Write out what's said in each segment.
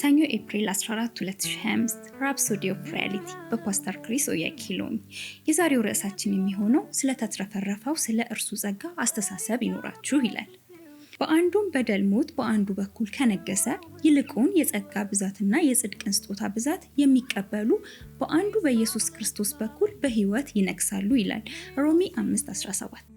ሰኞ ኤፕሪል 14 2025 ራፕሶዲ ኦፍ ሪያሊቲ በፓስተር ክሪስ ኦያኪሎሚ። የዛሬው ርዕሳችን የሚሆነው ስለተትረፈረፈው ስለ እርሱ ጸጋ አስተሳሰብ ይኖራችሁ ይላል። በአንዱም በደል ሞት በአንዱ በኩል ከነገሰ ይልቁን የጸጋ ብዛትና የጽድቅን ስጦታ ብዛት የሚቀበሉ በአንዱ በኢየሱስ ክርስቶስ በኩል በህይወት ይነግሳሉ ይላል ሮሚ 5:17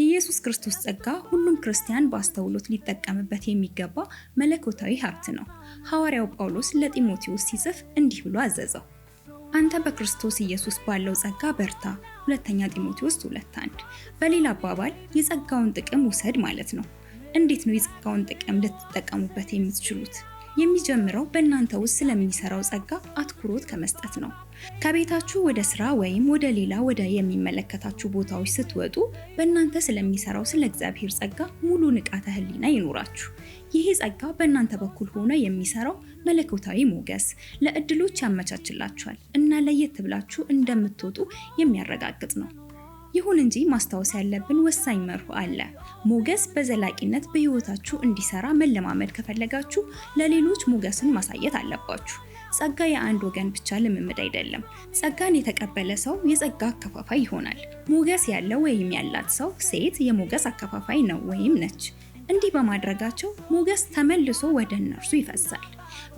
የኢየሱስ ክርስቶስ ጸጋ ሁሉም ክርስቲያን በአስተውሎት ሊጠቀምበት የሚገባ መለኮታዊ ሀብት ነው። ሐዋርያው ጳውሎስ ለጢሞቴዎስ ሲጽፍ እንዲህ ብሎ አዘዘው፣ አንተ በክርስቶስ ኢየሱስ ባለው ጸጋ በርታ። ሁለተኛ ጢሞቴዎስ 2:1 በሌላ አባባል የጸጋውን ጥቅም ውሰድ ማለት ነው። እንዴት ነው የጸጋውን ጥቅም ልትጠቀሙበት የምትችሉት? የሚጀምረው በእናንተ ውስጥ ስለሚሰራው ጸጋ አትኩሮት ከመስጠት ነው። ከቤታችሁ ወደ ስራ ወይም ወደ ሌላ ወደ የሚመለከታችሁ ቦታዎች ስትወጡ በእናንተ ስለሚሰራው ስለ እግዚአብሔር ጸጋ ሙሉ ንቃተ ህሊና ይኖራችሁ ይህ ጸጋ በእናንተ በኩል ሆኖ የሚሰራው መለኮታዊ ሞገስ ለእድሎች ያመቻችላችኋል እና ለየት ብላችሁ እንደምትወጡ የሚያረጋግጥ ነው። ይሁን እንጂ ማስታወስ ያለብን ወሳኝ መርሁ አለ። ሞገስ በዘላቂነት በህይወታችሁ እንዲሰራ መለማመድ ከፈለጋችሁ ለሌሎች ሞገስን ማሳየት አለባችሁ። ጸጋ የአንድ ወገን ብቻ ልምምድ አይደለም። ጸጋን የተቀበለ ሰው የጸጋ አከፋፋይ ይሆናል። ሞገስ ያለው ወይም ያላት ሰው ሴት የሞገስ አከፋፋይ ነው ወይም ነች። እንዲህ በማድረጋቸው ሞገስ ተመልሶ ወደ እነርሱ ይፈሳል።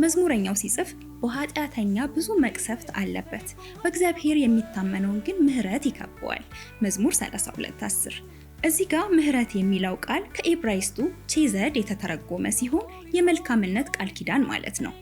መዝሙረኛው ሲጽፍ በኃጢአተኛ ብዙ መቅሰፍት አለበት፣ በእግዚአብሔር የሚታመነውን ግን ምሕረት ይከበዋል። መዝሙር 10 እዚህ ጋር ምሕረት የሚለው ቃል ከኤብራይስቱ ቼዘድ የተተረጎመ ሲሆን የመልካምነት ቃል ኪዳን ማለት ነው።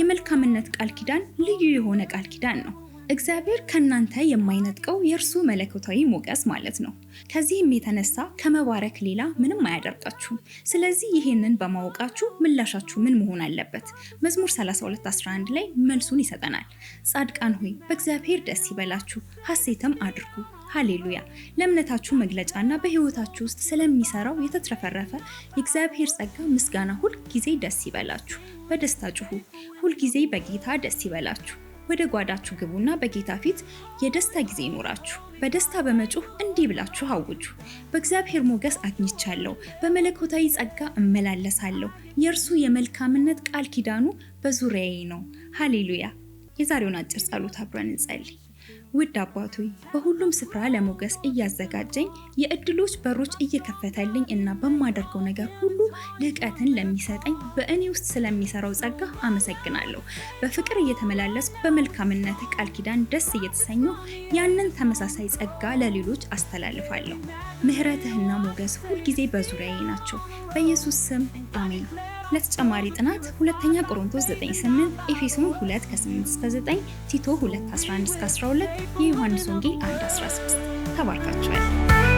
የመልካምነት ቃል ኪዳን ልዩ የሆነ ቃል ኪዳን ነው። እግዚአብሔር ከእናንተ የማይነጥቀው የእርሱ መለኮታዊ ሞገስ ማለት ነው። ከዚህም የተነሳ ከመባረክ ሌላ ምንም አያደርጋችሁም። ስለዚህ ይህንን በማወቃችሁ ምላሻችሁ ምን መሆን አለበት? መዝሙር 32:11 ላይ መልሱን ይሰጠናል። ጻድቃን ሆይ በእግዚአብሔር ደስ ይበላችሁ፣ ሐሴትም አድርጉ። ሃሌሉያ! ለእምነታችሁ መግለጫና በሕይወታችሁ ውስጥ ስለሚሰራው የተትረፈረፈ የእግዚአብሔር ጸጋ ምስጋና ሁል ጊዜ ደስ ይበላችሁ። በደስታ ጩሁ፣ ሁል ጊዜ በጌታ ደስ ይበላችሁ። ወደ ጓዳችሁ ግቡና በጌታ ፊት የደስታ ጊዜ ይኖራችሁ። በደስታ በመጮህ እንዲህ ብላችሁ አውጁ። በእግዚአብሔር ሞገስ አግኝቻለሁ፣ በመለኮታዊ ጸጋ እመላለሳለሁ። የእርሱ የመልካምነት ቃል ኪዳኑ በዙሪያዬ ነው። ሃሌሉያ። የዛሬውን አጭር ጸሎት አብረን እንጸልይ። ውድ አባቱ በሁሉም ስፍራ ለሞገስ እያዘጋጀኝ የእድሎች በሮች እየከፈተልኝ እና በማደርገው ነገር ሁሉ ልቀትን ለሚሰጠኝ በእኔ ውስጥ ስለሚሰራው ጸጋ አመሰግናለሁ። በፍቅር እየተመላለስኩ በመልካምነት ቃል ኪዳን ደስ እየተሰኘው ያንን ተመሳሳይ ጸጋ ለሌሎች አስተላልፋለሁ። ምህረትህና ሞገስ ሁልጊዜ በዙሪያዬ ናቸው። በኢየሱስ ስም አሜን። ለተጨማሪ ጥናት ሁለተኛ ቆሮንቶስ 9:8፣ ኤፌሶን 2 ከ8 እስከ 9 ቲቶ 2 11 እስከ 12 የዮሐንስ ወንጌል 1 16 ተባርካችኋል።